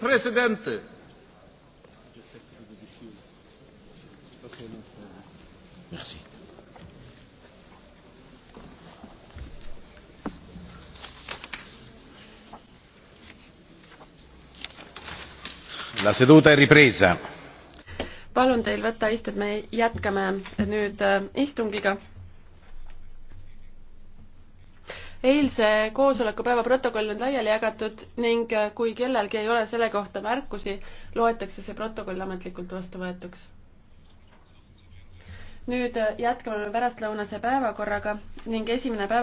Präsidenten! Merci. La seduta è ripresa. palun teil võtta istud, me jätkame nüüd äh, istungiga eilse koosolekupäeva protokoll on laiali jagatud ning äh, kui kellelgi ei ole selle kohta märkusi, loetakse see protokoll ametlikult vastuvõetuks. nüüd äh, jätkame pärastlõunase päevakorraga ning esimene päev